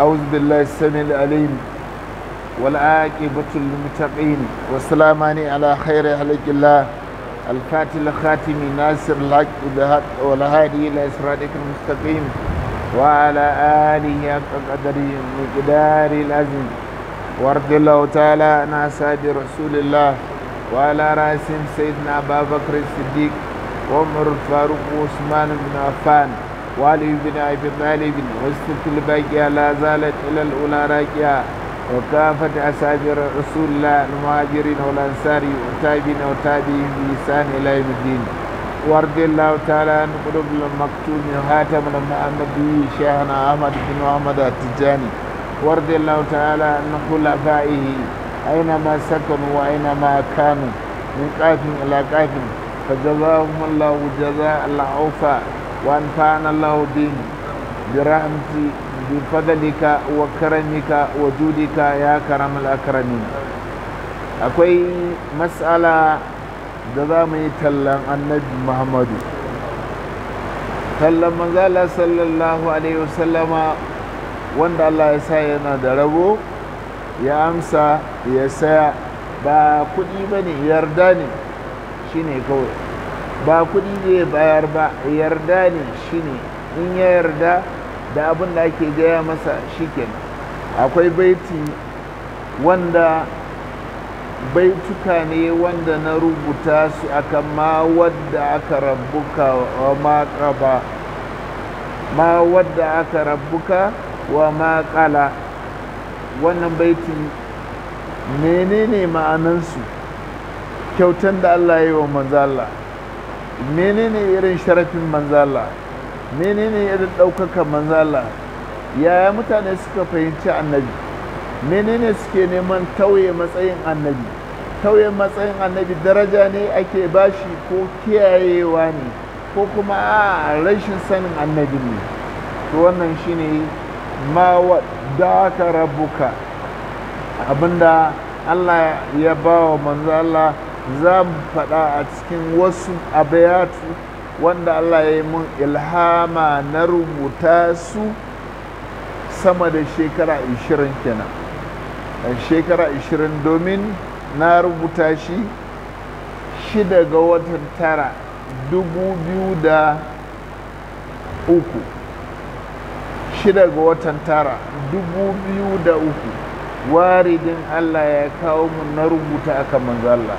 أعوذ بالله السميع العليم والعاقبة للمتقين والسلامان على خير خلق الله الفاتح الخاتم ناصر الحق بالحق والهادي إلى صراطك المستقيم وعلى آله حق قدره مقدار العزيم وارض الله تعالى عن أصحاب رسول الله وعلى رأسهم سيدنا أبا بكر الصديق وعمر الفاروق وعثمان بن عفان والي بن ابي طالب وسط الباقيه لا زالت الى الاولى راكعه وكافة أساجر رسول الله المهاجرين والأنصار والتابعين وتابعين بلسان إلى يوم الدين وارض الله تعالى عن قلوب المكتوم خاتم به شيخنا أحمد بن احمد التجاني وارض الله تعالى عن خلفائه أينما سكنوا وأينما كانوا من قاف إلى قاف فجزاهم الله جزاء العوفى وأنفعنا الله به برحمتك بفضلك وكرمك وجودك يا كرم الأكرمين أكوي مسألة دضامي تلم النبي محمد تلم مزال صلى الله عليه وسلم وند الله يساينا دربو يا أمسى يسايا ba kuɗi ba ne yarda ne shi ne kawai ba kuɗi zai bayar ba yarda ne shi ne in ya yarda da abin da ake gaya masa shikenan akwai baiti wanda baituka ne wanda na rubuta su akan ma wadda aka rabuka wa maƙaba ma wadda aka rabuka wa maƙala wannan baitin menene ma'anansu kyautan da allah ya yi wa manzala menene irin sharafin manzala menene irin ɗaukaka manzala yaya mutane suka fahimci annabi menene suke neman tauye matsayin annabi tauye matsayin annabi daraja ne ake bashi ko kiyayewa ne ko kuma a rashin sanin annabi ne to wannan shine ma wadaka rabuka abinda Allah ya ba wa manzo za mu faɗa a cikin wasu abayatu wanda Allah ya yi mun ilhama na rubuta su sama da shekara 20 kenan shekara 20 domin na rubuta shi shida ga watan tara dubu biyu da uku shida ga watan tara dubu biyu da uku waridin Allah ya kawo mu na rubuta aka manzo Allah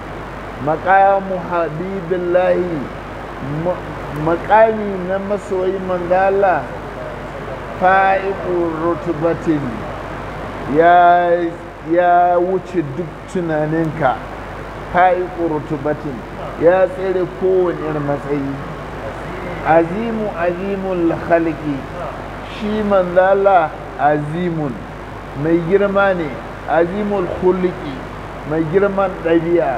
maqamu habibillahi maqami na masoyi manzala fa'iqur rutubatin ya ya wuce duk tunaninka fa'iqur rutubatin ya tsere kowane irin matsayi azimu azimun khalqi shi manzala azimun mai girma ne azimul khulqi mai girman ɗabi'a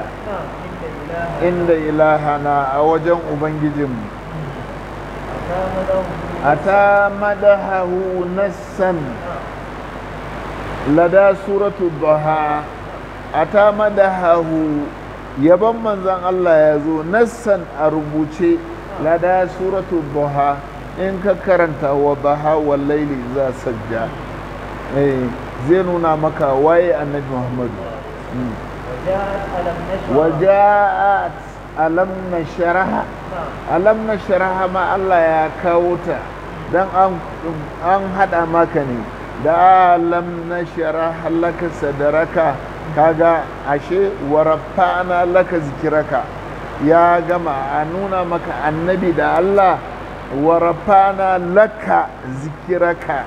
inda ilahana a wajen ubangijinmu a ta madahahu nassan lada suratu duha a ta madahahu yaban manzan Allah ya zo nassan a rubuce lada suratu baha! in ka karanta wa baha wa laili za sajja eh, zai nuna maka waye annabi muhammadu hmm. وجاءت ألم نشرها ألم نشرها ما الله يا كاوتا دان أن هذا مكاني da lam na shara laka sadaraka kaga ashe warafa'ana laka zikiraka ya gama a nuna maka annabi da Allah warafa'ana laka zikiraka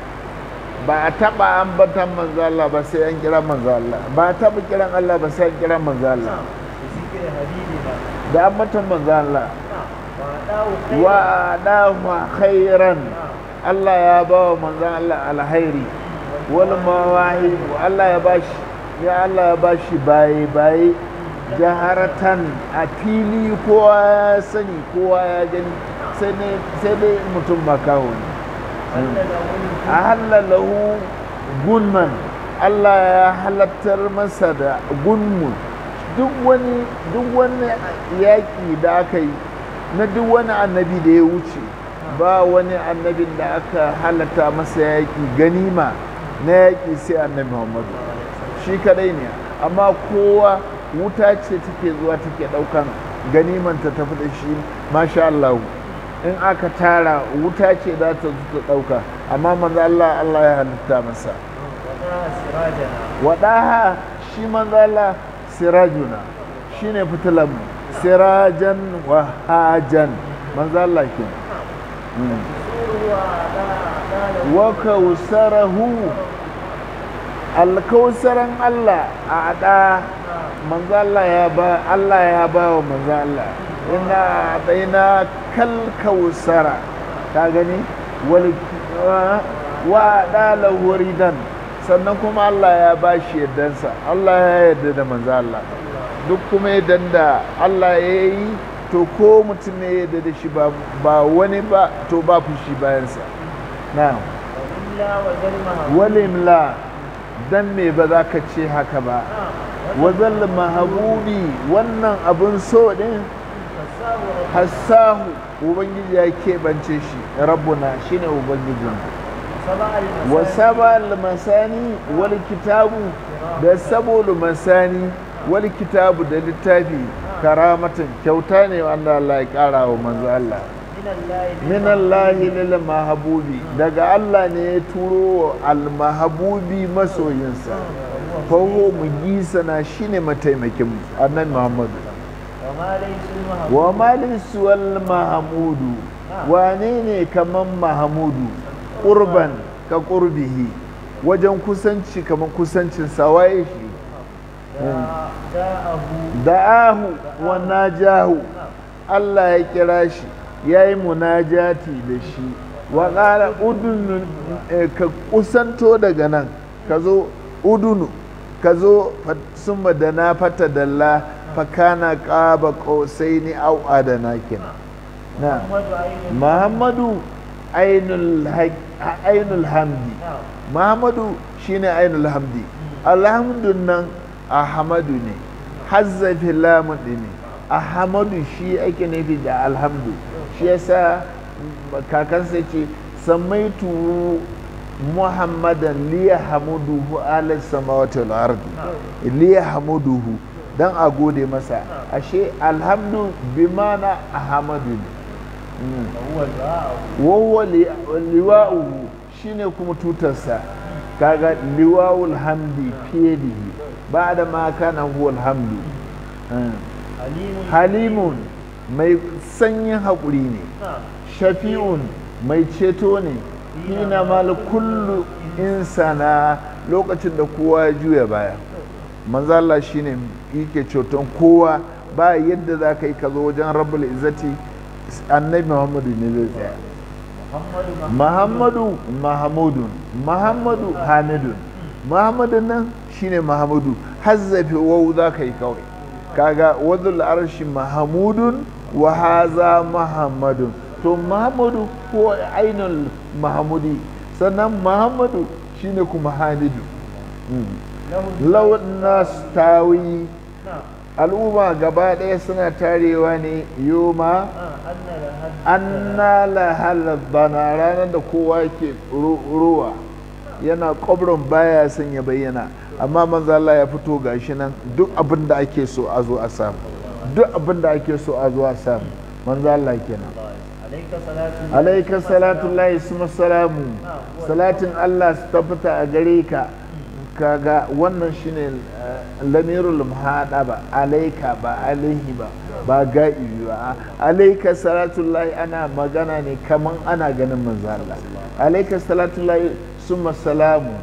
ba a taba ambatan manzo Allah ba sai an kira manzo Allah ba a taba kiran Allah ba sai an kira manzo Allah da ambatan manzo Allah wa adama khairan Allah ya ba wa manzo Allah alhairi wal mawahi Allah ya bashi ya Allah ya bashi baye baye jaharatan a fili kowa ya sani kowa ya gani sai dai mutum makaho ne a lahu gunman Allah ya halattar masa da gunmun duk wani duk wani yaƙi da aka yi na duk wani annabi da ya wuce ba wani annabin da aka halatta masa yaƙi ganima na yaƙi sai annabi muhammadu shi kadai ne amma kowa wuta ce take zuwa take ɗaukan ganimanta ta fi da shi masha Allah in aka tara wuta ce za ta ta ɗauka amma manzo Allah Allah ya halitta masa waɗaha shi manzo Allah sirajuna shi ne fitilan sirajan wa hajan manzo Allah ke hmm. wa kausarahu alkausaran Allah a ada manzo Allah ya ba Allah ya ba wa manzo Allah inna baina kalkausara ta gani wa ɗala wuridan sannan kuma Allah ya ba shi yaddansa Allah ya yarda da manzo Allah duk kuma ya da Allah ya yi to ko mutum ne ya yarda da shi ba wani ba to ba shi bayansa na walimla dan me ba za ka ce haka ba wazal mahabubi wannan abun so din hassahu ubangiji ya ke bance shi rabbuna ne ubangijin wa sabal masani wal kitabu da sabul masani wal kitabu da littafi karamatan kyauta ne wanda Allah ya kara wa manzo Allah minallahi lil mahabubi daga Allah ne ya turo al mahabubi masoyinsa fahu mu gisana shine mataimakin annabi Muhammadu wa wal mahamudu wane ne kaman mahamudu ƙurban ka ƙurbihi wajen kusanci kaman kusancin sawaye shi hmm. da'ahu wa najahu Allah ya kira shi ya yi munajati da shi wa ƙara udunu eh, ka kusanto daga nan ka zo udunu ka zo sun da na fata dalla fakana kaba ƙosai ni au adana kina na muhammadu ainul hamdi muhammadu shine ainul hamdi alhamdun nan ne hazzafi lamun ne ahamadu shi ake nufi da alhamdu shi yasa kakansa ce samaitu muhammadan liya hamuduhu ala samawati wal ardi liya hamuduhu don a gode masa ashe alhamdu bi mana ahamadu ne hmm. wawa liwa'uhu ne kuma tutarsa kaga liwa'ul hamdi fiye da ba da ma kana huwal hamdu. Hmm. halimun mai sanyin haƙuri ne shafi'un mai ceto ne hina mal kullu insana lokacin da kowa ya juya baya manzala shi ne yake ceton kowa ba yadda za ka yi ka zo wajen rabbul izzati annabi muhammadu ne zai tsaya muhammadu Muhammadu muhammadu hamidu Muhammadu nan shi shine mahamudu hazzafe wau za ka yi kawai kaga wadul arshi mahamudun wa haza Muhammadu to Muhammadu ko ainul mahamudi sannan mahammadu ne kuma hamidu hmm. launin tawi al'umma gaba ɗaya suna tarewa ne yoma anna lahal bana ranar da kowa ke ruwa yana ƙwabron baya son ya bayyana amma manzala ya fito gashi nan duk abin da ake so a zo a samu duk abin da ake so a zo a samu manzala ke kenan alaika layi su salamu salatin Allah su tafita a gare ka kaga wannan shine eh, lamirul muhada ba alaika ba alaihi ba ba ga'ibi ba alaika salatullahi ana magana ne kaman ana ganin manzala alaika salatullahi summa salamu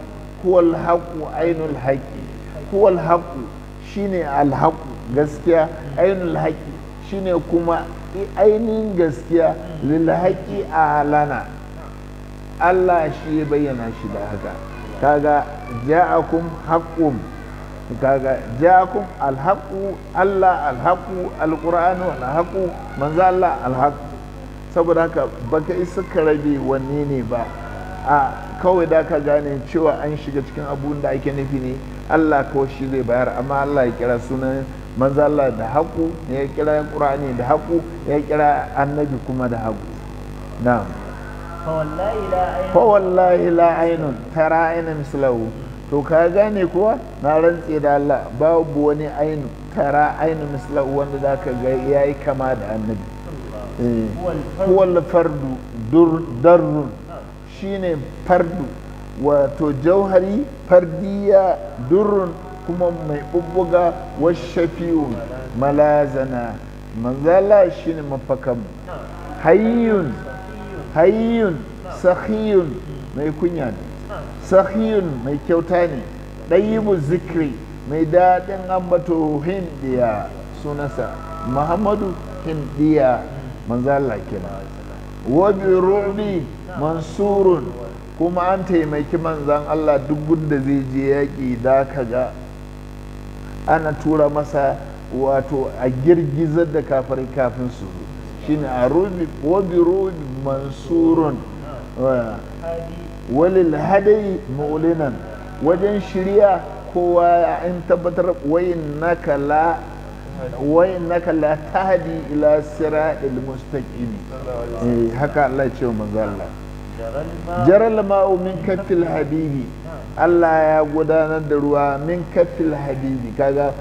huwal haqu ainul haqi huwal haqu shine alhaqu gaskiya ainul haqi shine kuma ainihin gaskiya lil a alana Allah shi ya bayyana shi da haka kaga ja'akum haqqum kaga ja'akum alhaqqu Allah alhaqqu alqur'anu alhaqu manzo Allah alhaqu saboda haka baka isa ka wanne ne ba a kawai da ka gane cewa an shiga cikin abun da ake nufi ne Allah kawai shi zai bayar amma Allah ya kira sunan manzo Allah da haƙu ya kira qur'ani da haƙu ya kira annabi kuma da haƙu na'am fawallahi la ainun tara aina mislahu to ka gane kuwa na rantse da Allah babu wani ainu tara ainu mislahu wanda za ka ga ya yi kama da annabi eh, huwal fardu darrun shine fardu wato jauhari fardiya durrun kuma mai wasu washafi'u malazana manzala shine mafakan hayyun hayyun sahiyun mai kunya ne sahiyun mai kyauta ne ɗayyibu zikri mai daɗin ambato hindiya sunansa muhammadu hindiya manzala kina wabi rubi mansurun kuma an taimaki manzan allah duk da zai je yaƙi da ka ga ana tura masa wato a girgizar da kafin su zo shine a rubi wabi rubi mansurun walil hadai maulinan wajen shirya kowa in tabbatar wayin naka la wayin ila sira il eh, haka Allah ya ce manzo Allah jaral ma'u min kafil habibi Allah ya gudanar da ruwa min kafil habibi kaga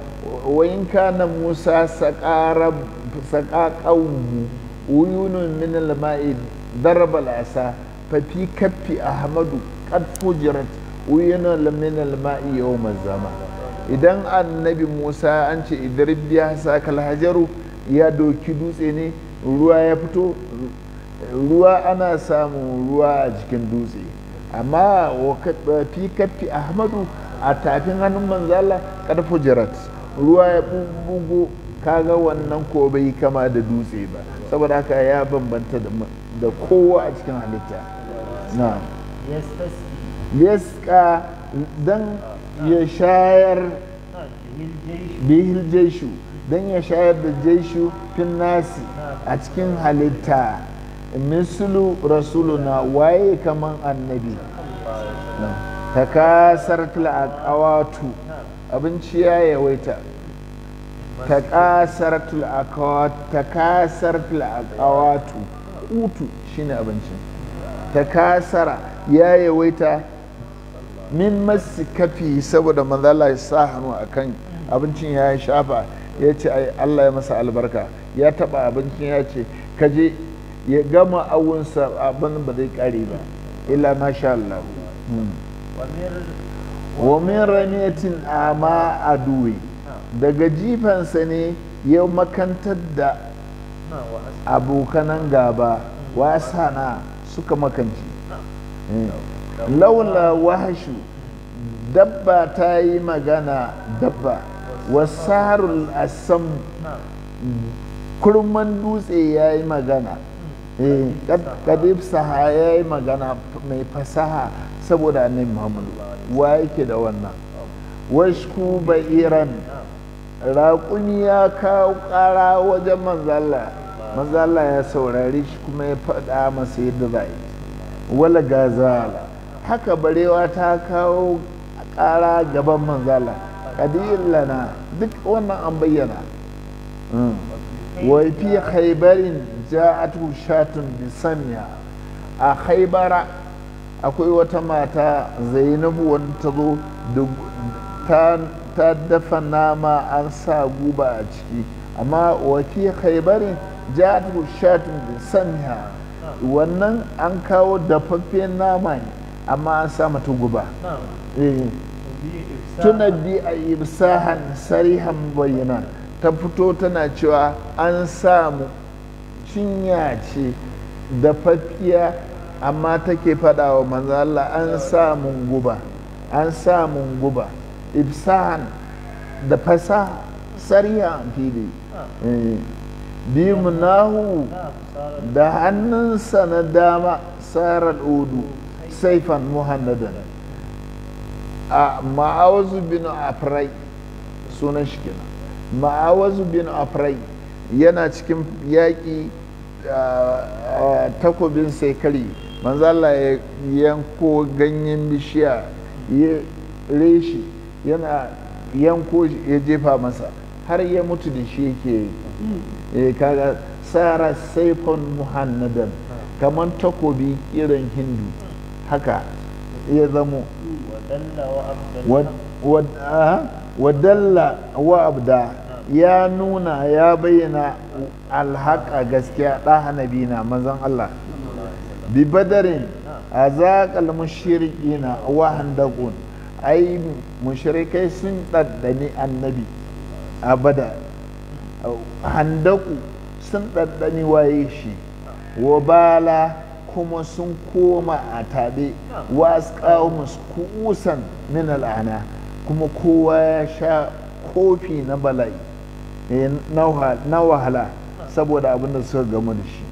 wayin kana Musa saqarab سقى uyunun min alma'i darab al'asa العصا ففي كف أحمد قد فجرت عيون من الماء يوم idan annabi musa an ce idrib ya saka alhajaru ya doki dutse ne ruwa ya fito ruwa ana samun ruwa a jikin dutse amma fi kaffi ahmadu a tafin hannun manzala karfi fujirat ruwa ya bugu kaga wannan ko bai kama da dutse ba saboda haka ya bambanta da kowa a cikin halitta na yaska don ya shayar bihil jeshu dan ya shayar da jeshu fin nasi a cikin halitta rasulu rasuluna waye kaman annabi ta kasar abinci ya yawaita takasaratul akawat takasaratul akawatu utu shine abincin takasara ya yawaita min masu kafi saboda manzala ya sa hannu kan abincin ya shafa ya ce Allah ya masa albarka ya taba abincin ya ce kaje ya gama awunsa abin ba zai kare ba illa masha Allah hmm. wa min ramiyatin ama aduwi daga jifansa ne ya makantar da abokanan gaba wasana suka makanci eh, laula wahashu dabba ta yi magana dabba wasarul asam kurman dutse ya yi magana eh, kadib saha ya yi magana mai fasaha saboda annabi muhammadu wa yake da wannan washku ba iran raƙumi ya kawo ƙara wajen Manzala. Manzala ya saurari shi kuma ya faɗa masa yadda za yi wala gazala haka barewa ta kawo ƙara gaban manzala ƙadiyin lana duk wannan an bayyana hmm. wai fi haibarin ja'atu shatun bisaniya a haibara akwai wata mata zainabu wani ta zo ta ta dafa nama an sa guba a ciki amma wafi haibari jatu shatin da samiha wannan an kawo dafaffen nama ne amma an sa mata guba eh. tuna bi a ibsahan sarihan bayyana ta fito tana cewa an samu cinya ce dafaffiya amma take faɗa wa manzo Allah an samun guba an samun guba ibsan da fasa sariya fili bimunahu da hannunsa na dama sarar odu saifan muhannadan a ma'awazu bin afirai sunan shi kenan ma'awazu bin afirai yana cikin yaƙi takobin sai kari manzala ya yanko ganyen bishiya ya reshi yana yanko ya jefa masa har ya mutu da shi yake yi hmm. eh, kaga tsara saifon muhannadan hmm. kamar takobi irin hindu haka ya zamo wadalla wa abda hmm. ya nuna ya bayyana alhaka gaskiya ɗahanabina na Allah bi badarin a zaƙal mushirƙina wa handakun ai mushrikai sun ɗaddani annabi abada handaku sun ɗaddani waye shi wabala kuma sun koma a taɓe wasu kusan min al'ana kuma kowa ya sha kofi na bala'i eh, na wahala saboda abin da suka gamu da shi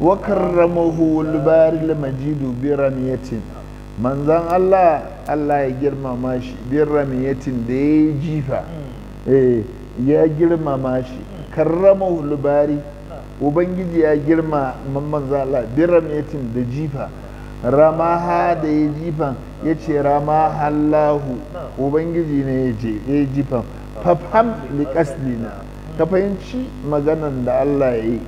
wakar ramahu al-bari majidu biran ramiyatin manzan Allah Allah ya girmama shi bin ramiyatin da ya yi jifa mm. eh, ya girmama shi mm. karrama hulubari ubangiji ya girma manzan Allah bin ramiyatin da jifa ramaha da ya jifa ya ce ramaha Allahu mm. ubangiji ne ya fam fafham liƙaslina ka fahimci maganan da Allah ya yi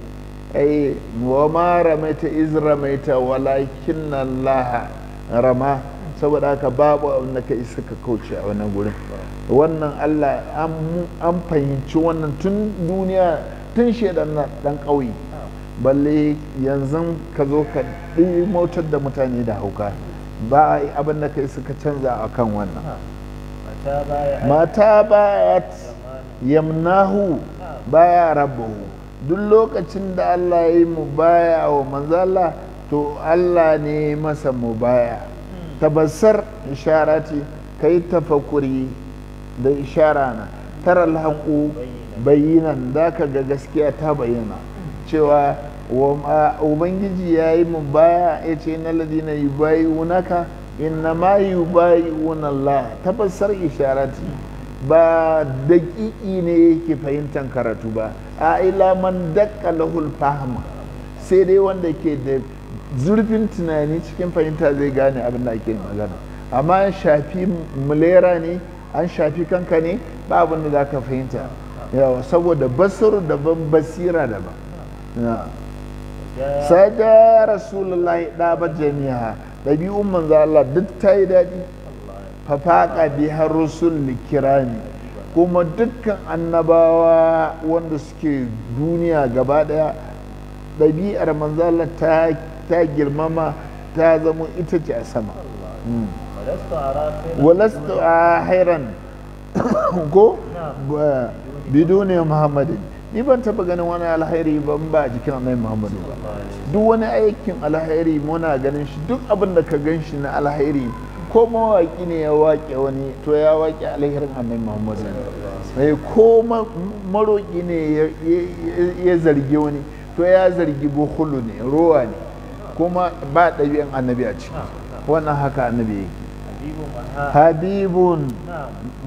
ai wa ma ramaita iz ramaita walakin Allah rama saboda haka babu abin da ka isa ka kauce a wannan gurin wannan Allah an fahimci wannan tun duniya tun shaidan na dan ƙauye balle yanzu ka zo ka motar da mutane da hauka ba abin da ka isa ka canza a kan wannan mata bayat yamnahu baya rabbahu duk lokacin da Allah ya yi mu baya wa manzala to Allah ne masa mu baya tabassar isharati kai tafakuri da ishara na tara alhaqu za ka ga gaskiya ta bayyana cewa ubangiji ya yi mun baya ya ce na ladina yi bayi wunaka inna ma yi bayi wunallah tabassar isharati ba daƙiƙi ne yake fahimtar karatu ba a ila man daƙa lahul fahma sai dai wanda ke da zurfin tunani cikin fahimta zai gane abin da ake magana amma an shafi mulera ne an shafi kanka ne ba abin da za ka fahimta yawa saboda da daban basira daban sada rasulullahi ɗaba jami'a ɗabi'un manzo Allah duk ta yi daɗi fafaƙa bihar rusul ne kuma dukkan annabawa wanda suke duniya gaba ɗaya ɗabi'ar manzala Allah ta ta girmama ta zama ita ce a sama hmm. walastu a hairan ko ne, muhammadin ni ban taba ganin wani alhairi ban ba jikin annabi muhammadu ba duk wani aikin alhairi muna ganin shi duk abin da ka gan shi na alhairi ko mawaƙi ne ya waƙe wani to ya waƙe alherin annabi muhammadu mai eh, ko maroƙi ne ya zargi wani to ya zargi bukhulu ne rowa ne kuma ba ɗabi'an annabi a ciki wannan haka annabi yake habibun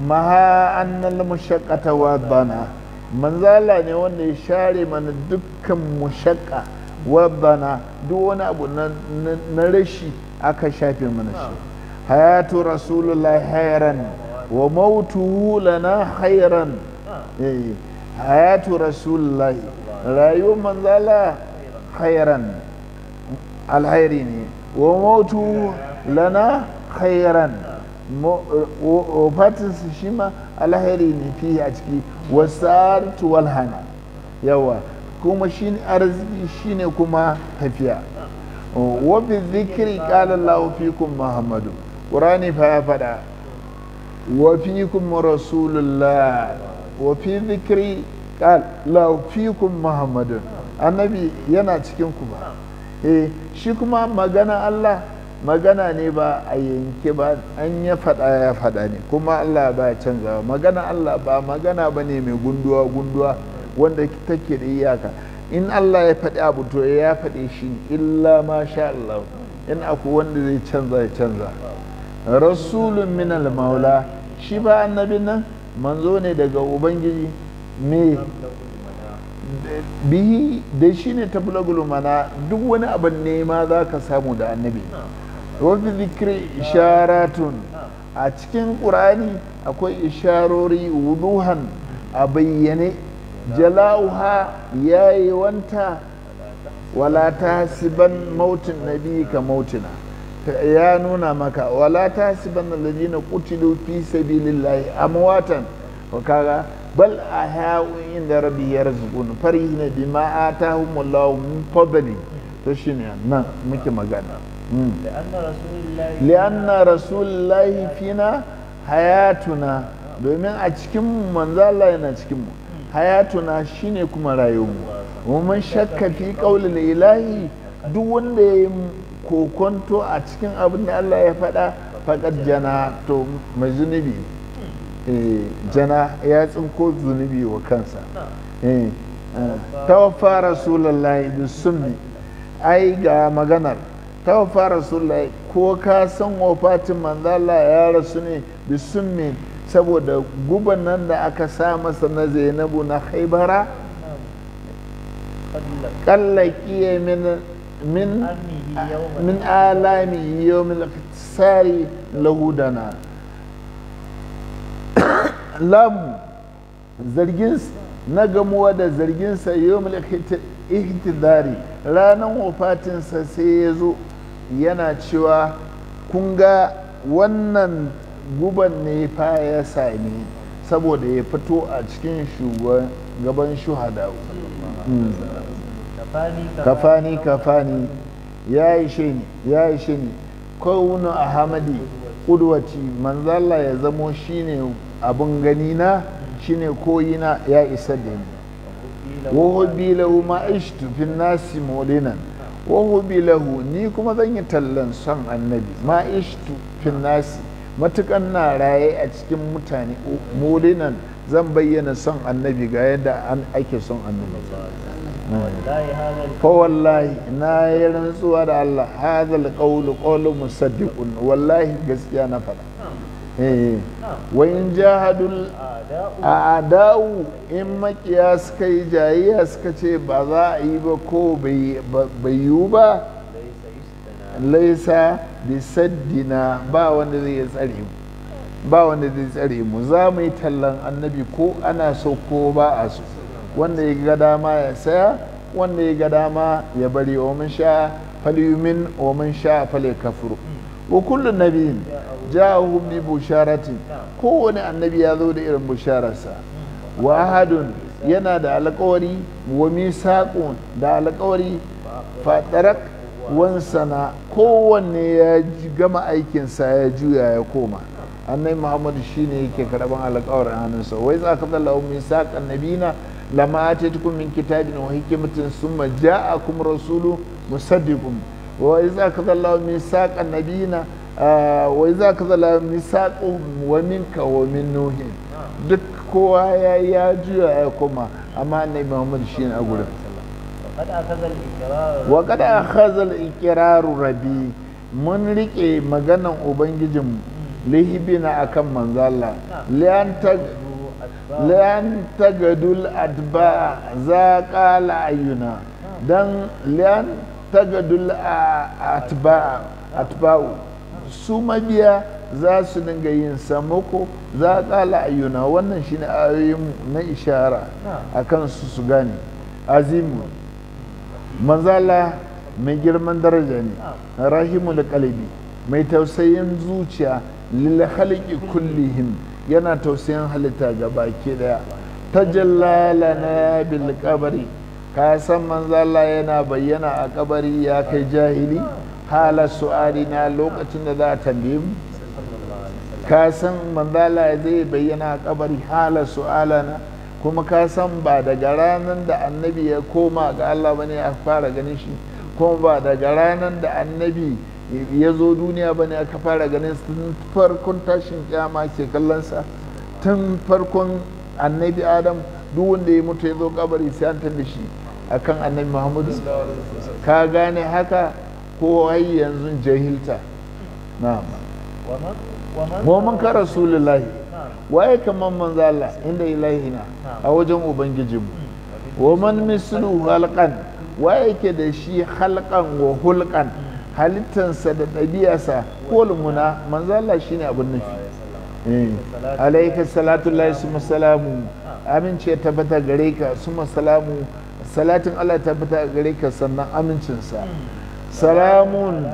maha annal mushaqqata wa dana manzala ne wanda ya share mana dukkan mushaƙa wa bana, duk wani abu na rashi aka shafe mana shi hayatu rasulullahi hayran wa mautu lana hayran eh, hayatu rasulullahi rayuwar manzala hayran alhairi ne wa mautu lana khairan su shi ma alhairi ne fiye a ciki wasartu walhana yawa kuma shi ne arziki shi ne kuma tafiya wafi zikiri ƙalar la'ufikun muhammadu ƙurani fa ya faɗa wafikun rasulullah wafi zikiri ƙalar la'ufikun muhammadu annabi yana cikin ku ba eh shi kuma magana Allah magana ne ba a yanke ba an ya faɗa ya faɗa ne kuma Allah ba canzawa magana Allah ba magana ba ne mai gunduwa gunduwa wanda take da iyaka in Allah ya faɗi abu to ya faɗi shi illa ma sha Allah in aku wanda zai canza ya canza rasulun min maula shi ba annabin nan manzo ne daga ubangiji me bihi dai shine tablagul mana duk wani abin nema za ka samu da annabi wafi zikri isharatun a cikin ƙur'ani akwai isharori wuduhan a bayyane jala'uha wanta wala ta siban mautin nabi ka mautina ya nuna maka wala ta siban na kutilu fi sabilillahi amwatan wa kaga bal a ha'un inda Rabi ya rizqun farihina bima atahumullahu min fadali to ne nan muke magana li'anna rasulullahi fina hayatuna domin a cikin manzo Allah yana cikin mu hayatuna shine kuma rayuwar mu mun shakka fi qawli ilahi duk wanda ya yi kokonto a cikin abin da Allah ya faɗa faƙad jana to mai zunubi Eh, jana ya tsinko zunubi wa kansa eh, tawaffa rasulullahi bi sunni ai ga maganar tawaffa rasulullahi ko ka san wafatin manzala ya rasu ne bi sunni saboda guban nan da aka sa masa na zainabu na haibara kallakiye min min alami yau yawmin sari lahudana lamu zargin na gamuwa da zarginsa mulkita ihtidari ranar wafatinsa sai ya zo yana cewa kun ga wannan guban ne fa ya sami saboda ya fito a cikin shugaban shuhada hmm. kafani kafani ya shi ne ya ishe ni kaunu ahamadi ƙudwaci manzala ya zamo shine abin gani na shine koyina ya isa da ni wahubi lahu ma'ishtu fin nasi molinan wahubi lahu ni kuma zan yi tallan son annabi ma'ishtu fin nasi matukan na raye a cikin mutane molinan zan bayyana son annabi ga yadda ake son annabi fawallahi na yi rantsuwa da Allah hazal qawlu qawlu musaddiqun wallahi gaskiya na faɗa eh wa in jahadul in makiya suka yi jayiya suka ce ba za a yi ba ko bai yiwu ba laisa saddina ba wanda zai tsare mu ba wanda zai tsare mu za mu yi tallan annabi ko ana so ko ba a so wanda ya ga dama ya saya wanda ya ga dama ya bari wa mun sha falyumin wa mun sha falyakfur wa kullu nabiyin ja'ahu bi busharati kowane annabi ya zo da irin bushararsa wa ahadun yana da alƙawari wa misaqun da alƙawari fatarak wansana kowanne ya gama aikinsa ya juya ya koma annai muhammadu shine yake karɓar alƙawarin hannunsa wai za ka tsalla ummi saqan nabina lama atatukum min kitabin wa ja summa ja'akum rasulu musaddiqun wa idza akhadha Allahu mithaqan nabiyina wa idza za Allahu mithaqahum wa minka wa min nuhin duk kowa ya ya juya ya koma amma annabi Muhammad shi a gurin wa kad akhadha al-iqraru rabbi mun rike maganan ubangijinmu lihibina akan manzala lan tagadul adba za qala ayyuna dan lan tagadul atba atba'u su mabiya zasu su dinga yin samako za qala ayyuna wannan shine ayoyin na ishara a kan su gane azimu manzala mai girman daraja ne rahimul qalbi mai tausayin zuciya lil kulli kullihim yana tausayin halitta ga baki daya na ya bil kabari ka san manzala yana bayyana a kabari ya kai jahili halar su'ari na lokacin da za a tambaye mu ka san manzala zai bayyana a kabari halar su'ala na kuma ka san ba daga ranar da annabi ya koma ga Allah bane a fara ganin shi kuma ba daga ranar da annabi ya zo duniya ba ne ka fara ganin tun farkon tashin kyama ke kallonsa tun farkon annabi adam duk wanda ya mutu ya zo kabari sai an da shi A kan annabi muhammadu ka gane haka ko ai yanzu jahilta na'am wa ka rasulullahi waye kaman manzo Allah inda na a wajen ubangijinmu wa man mislu halkan, waye ke da shi halkan wa hulqan halittansa da ɗabi'arsa ko muna manzala shi ne abin nufi eh, alaika salatu lai su masalamu amince tabbata gare ka su masalamu salatin allah tabbata gare ka sannan amincinsa salamun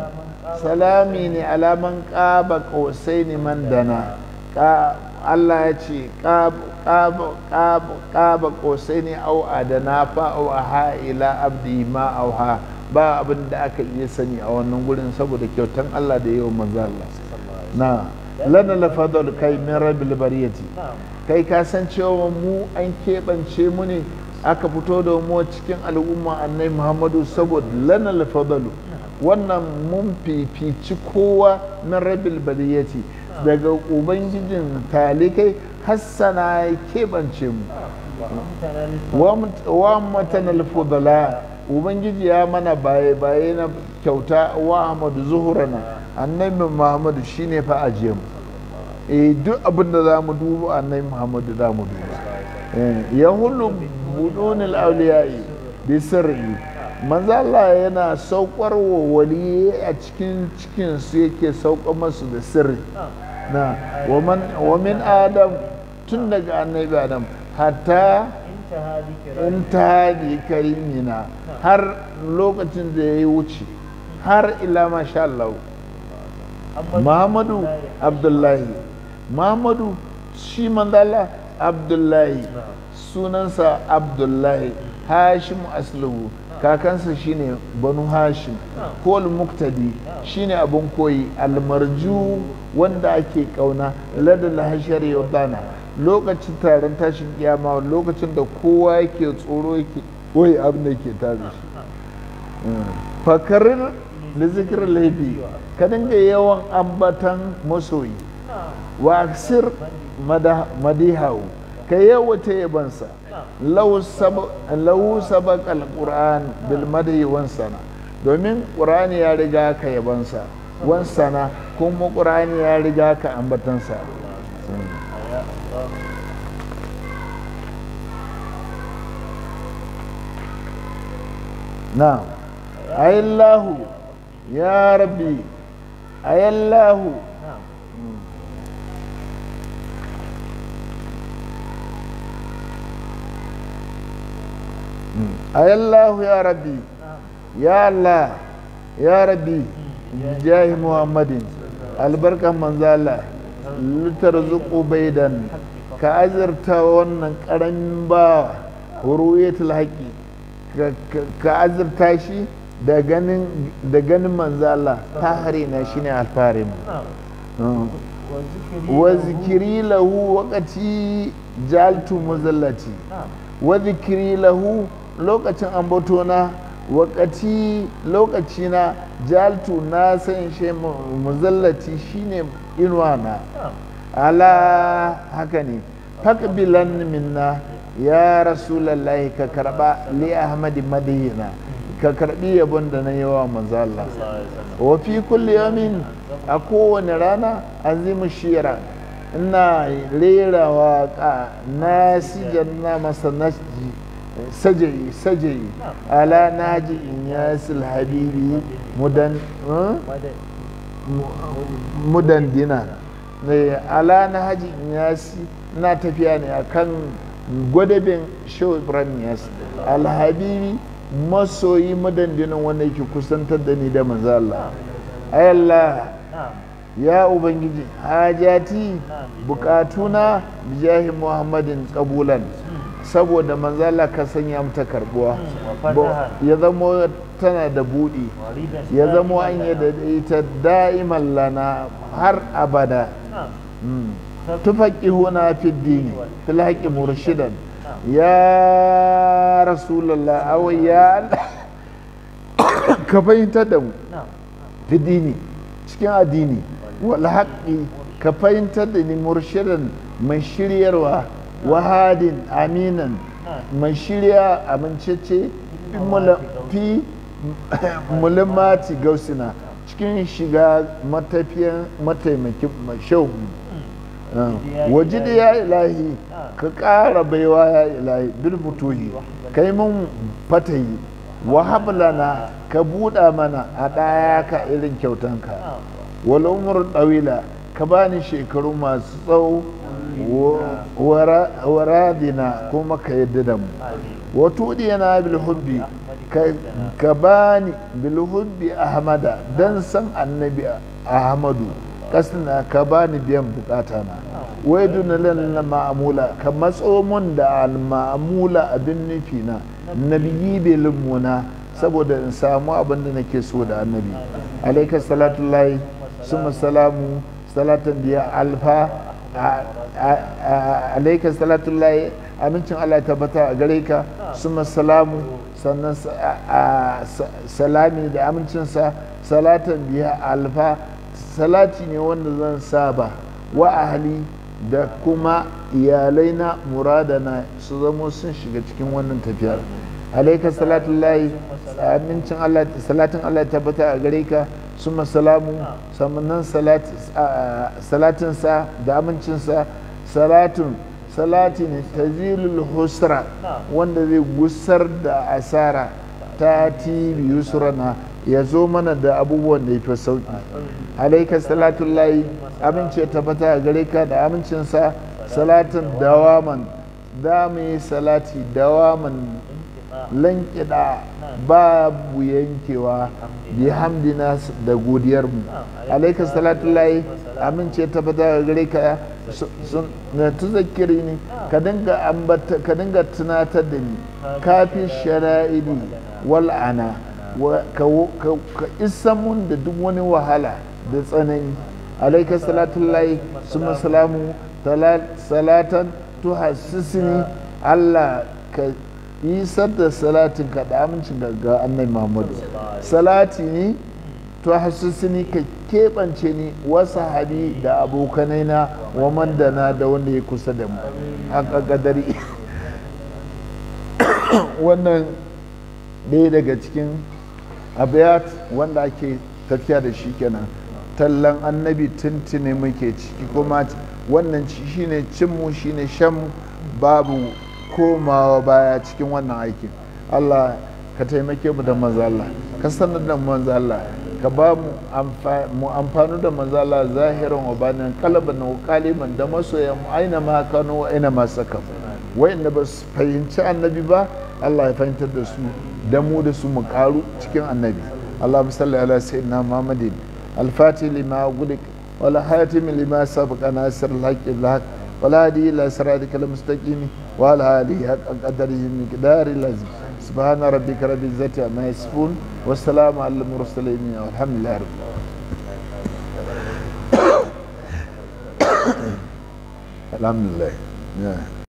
salami ne alaman ƙaba ƙosai ne man dana allah ya ce ƙaba ƙosai ne au adana fa au aha ila abdi ma au ha ba abin da aka iya sani a wannan gurin saboda kyautan Allah da yawan manzo Allah na lana lafadul kai min rabbil bariyati kai ka san cewa mu an keɓance mu ne aka fito da mu cikin al'umma annai muhammadu saboda lana lafadalu wannan mun fifici kowa min rabbil bariyati daga ubangijin talikai hassana ya keɓance mu wa mutanal alfudala ubangiji ya mana baye-baye na kyauta wa ahmadu zuhurana annabi muhammadu shine fa ajiye mu eh, duk abin da za mu duba annabi muhammadu za mu duba eh, ya hulu budunil auliyai bi sirri manza Allah yana saukar wa wali a cikin cikin su yake saukar masu da sirri na wa min adam tun daga annabi adam hatta in ta karimina har lokacin da ya yi wuce har ila mashallahu Allah Muhammadu Abdullahi Muhammadu shi mandala Abdullahi sunansa Abdullahi Hashim Asluhu kakansa shine Banu Hashim Kol Muktadi shine abin koyi almarju wanda ake kauna ladal hashar yordana lokacin taron tashin kiyama lokacin da kowa yake tsoro yake koyi abin da ke tare shi fakarin da laifi ka dinga yawan ambatan masoyi wa sir madihawu ka yawace yabansa lau sabak al-qur'an bil madahi wansana domin ƙur'ani ya riga ka yabansa wansana kuma ƙur'ani ya riga ka ambatansa hmm. na'am ayallahu ya rabbi ayallahu ayallahu ya rabbi ya ya rabbi jahi muhammadin albarkan manzala litar zuku baidan ka azurta wannan karamin ba ta haqi ka azurta shi da ganin manzala ta manzo Allah tahri na shine alfarin wa zikiri lahu wakati jaltu muzallati wa zikiri lahu lokacin ambatona wakati lokacina jaltu na san shi muzallati shine inuwa na ah. ala haka ne fakbilan minna ya rasulallahi ka karba li ahmadi madina ka karbi yabon da na yawa manzo Allah wa fi kulli yawmin a kowane rana azimu shira ina rera waka na sijanna masa nasji sajayi sajayi ala naji in yasil habibi mudan eh? mudandina ala na haji yasi na tafiya ne akan gwadabin shehu ibrahim yasi alhabibi masoyi madandinan wanda yake kusantar da ni da manzo Allah ya ubangiji hajati bukatuna bijahi muhammadin kabulan saboda manzala ka sanya mata karbuwa ya zamo tana da buɗi ya zamo an yi da ita da'iman lana har abada hmm. huna fi dini fil haqqi murshidan ya rasulullah aw ya ka fahimtar da mu fi dini cikin addini wal haqqi ka fahimtar da ni murshidan mai shiryarwa wahadin aminan mai shirya amincece fi mulimmati gausina cikin shiga matafiyan mataimakin shehu da ya ilahi ka ƙara baiwa ya ilahi bil kai mun fatayi wa ka buɗa mana a ɗaya ka irin kyautanka wal umur ɗawila ka bani shekaru masu tsawo waradina kuma ka yadda da mu wato yana bilhubbi ka bani bilhubbi ahmada san annabi ahmadu kasna ka bani biyan bukata na wai duna lalla ma'amula ka matso mun da al-ma'amula abin nufi na nabiyyi bilmuna saboda in samu abin da nake so da annabi alaika salatu lahi suma salamu salatan biya alfa alaika salatullahi amincin Allah ya tabbata a gare ka su salamu sannan salami da amincinsa salatan biya alfa salati ne wanda zan saba wa ahali da kuma iyalai na murada na su zamo sun shiga cikin wannan tafiyar alaika salatullahi amincin Allah salatin Allah ya tabbata a gare ka suma salamu sannan salatinsa da amincinsa salatin salati ne tazilul husra wanda zai gusar da asara ta tibi yusrana ya zo mana da abubuwan da ya fi sauki alaika salatun layi amince ta a gare ka da amincinsa salatin dawaman da yi salati dawaman lankida babu yankewa bi hamdina da godiyarmu alaika lai amince tabbata gare ka na tuzakiri ne ka dinga tunatar da ni kafi shara'idi wal'ana ka isa mun da duk wani wahala da tsanani alaika lai su salamu salatan tuhassisini allah ka isar da salatin ka da amincin ga annai muhammadu salati ne to ni ka keɓance ni wasu habi da abokanai na wa man da na da wanda ya kusa da mu haka kadari wannan ɗaya daga cikin abiyat wanda ake tafiya da shi kenan tallan annabi tuntune muke ciki kuma wannan shine cinmu ne shan babu komawa baya cikin wannan aikin Allah ka taimake mu da manzo ka sanar da manzo ka ba mu amfani da manzo zahirin zahiran wa banin kalaban da kaliman da masoyan mu aina ma kano wa aina ma saka wayanda ba su fahimci annabi ba Allah ya fahimtar da su da mu da su mu karu cikin annabi Allah musalli ala sayyidina Muhammadin al-fatih lima gulik wal hayati lima sabaqa nasir al-haqq ولا هدي إلا صراطك المستقيم ولا آله قدره مقدار لازم سبحان ربك رب العزة عما يصفون والسلام على المرسلين والحمد لله رب العالمين الحمد لله